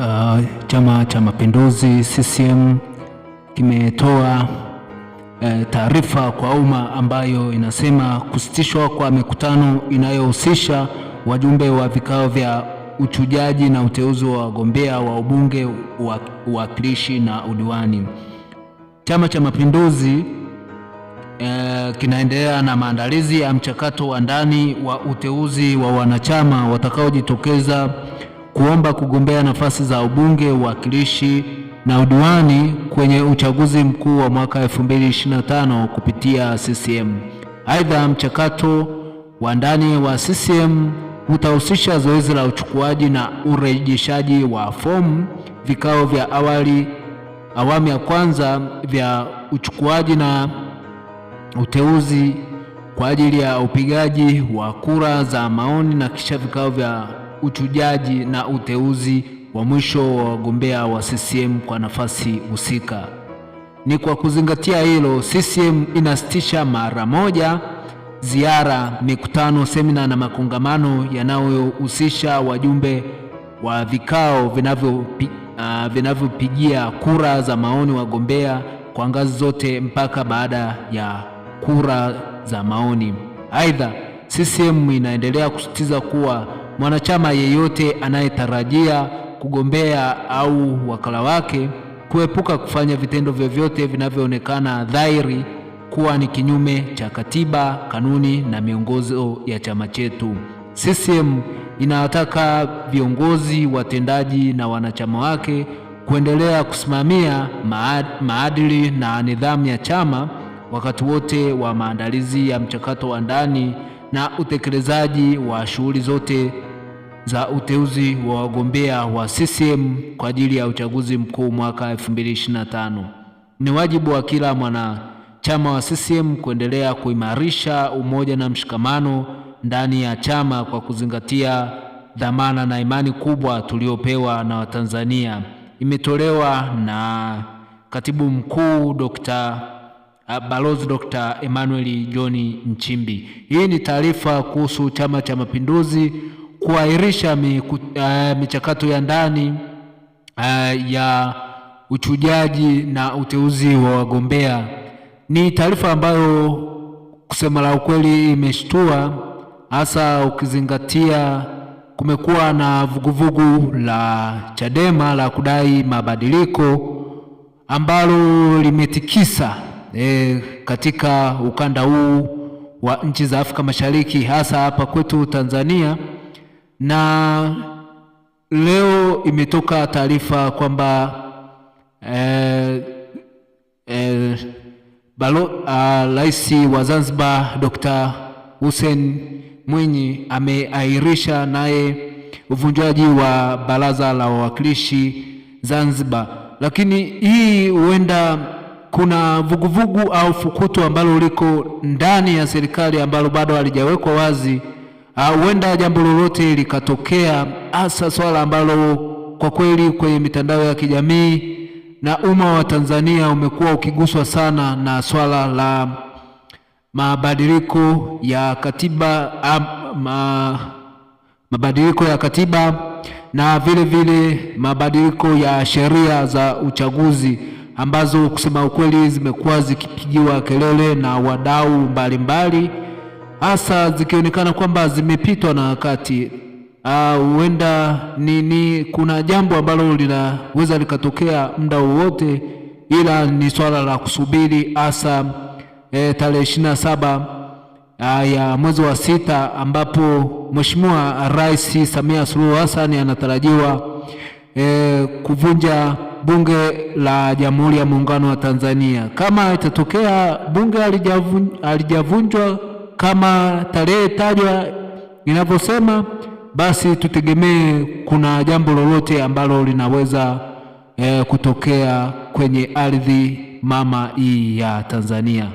uh, Chama cha Mapinduzi CCM kimetoa uh, taarifa kwa umma ambayo inasema kusitishwa kwa mikutano inayohusisha wajumbe wa vikao vya uchujaji na uteuzi wa wagombea wa ubunge, uwakilishi na udiwani. Chama cha Mapinduzi eh, kinaendelea na maandalizi ya mchakato wa ndani wa uteuzi wa wanachama watakaojitokeza kuomba kugombea nafasi za ubunge, uwakilishi na udiwani kwenye uchaguzi mkuu wa mwaka 2025 kupitia CCM. Aidha, mchakato wa ndani wa CCM utahusisha zoezi la uchukuaji na urejeshaji wa fomu, vikao vya awali awamu ya kwanza vya uchukuaji na uteuzi kwa ajili ya upigaji wa kura za maoni na kisha vikao vya uchujaji na uteuzi wa mwisho wa wagombea wa CCM kwa nafasi husika. Ni kwa kuzingatia hilo, CCM inasitisha mara moja ziara, mikutano, semina na makongamano yanayohusisha wajumbe wa vikao ah, vinavyopigia uh, kura za maoni wagombea kwa ngazi zote mpaka baada ya kura za maoni. Aidha, CCM inaendelea kusisitiza kuwa mwanachama yeyote anayetarajia kugombea au wakala wake kuepuka kufanya vitendo vyovyote vinavyoonekana dhahiri kuwa ni kinyume cha katiba, kanuni na miongozo ya chama chetu. CCM inawataka viongozi, watendaji na wanachama wake kuendelea kusimamia maadili na nidhamu ya chama wakati wote wa maandalizi ya mchakato wa ndani na utekelezaji wa shughuli zote za uteuzi wa wagombea wa CCM kwa ajili ya uchaguzi mkuu mwaka 2025. Ni wajibu wa kila mwanachama wa CCM kuendelea kuimarisha umoja na mshikamano ndani ya chama kwa kuzingatia dhamana na imani kubwa tuliopewa na Watanzania. Imetolewa na Katibu Mkuu Dr. Balozi Dr. Emmanuel John Nchimbi. Hii ni taarifa kuhusu Chama cha Mapinduzi kuahirisha eh, michakato ya ndani eh, ya uchujaji na uteuzi wa wagombea. Ni taarifa ambayo kusema la ukweli imeshtua, hasa ukizingatia kumekuwa na vuguvugu la Chadema la kudai mabadiliko ambalo limetikisa e, katika ukanda huu wa nchi za Afrika Mashariki hasa hapa kwetu Tanzania. Na leo imetoka taarifa kwamba eh, eh, ah, Rais uh, wa Zanzibar Dr. Hussein Mwinyi ameahirisha naye uvunjaji wa baraza la wawakilishi Zanzibar, lakini hii huenda kuna vuguvugu au fukuto ambalo liko ndani ya serikali ambalo bado halijawekwa wazi Ah, huenda uh, jambo lolote likatokea, hasa swala ambalo kwa kweli kwenye mitandao ya kijamii na umma wa Tanzania umekuwa ukiguswa sana na swala la mabadiliko ya katiba uh, ma, mabadiliko ya katiba na vile vile mabadiliko ya sheria za uchaguzi ambazo kusema ukweli zimekuwa zikipigiwa kelele na wadau mbalimbali mbali hasa zikionekana kwamba zimepitwa na wakati ah, huenda ni, ni kuna jambo ambalo linaweza likatokea muda wowote, ila ni swala la kusubiri hasa e, tarehe ishirini na saba ah, ya mwezi wa sita ambapo Mheshimiwa Rais Samia Suluhu Hassan anatarajiwa e, kuvunja Bunge la Jamhuri ya Muungano wa Tanzania. Kama itatokea bunge halijavunjwa kama tarehe tajwa inavyosema, basi tutegemee kuna jambo lolote ambalo linaweza e, kutokea kwenye ardhi mama hii ya Tanzania.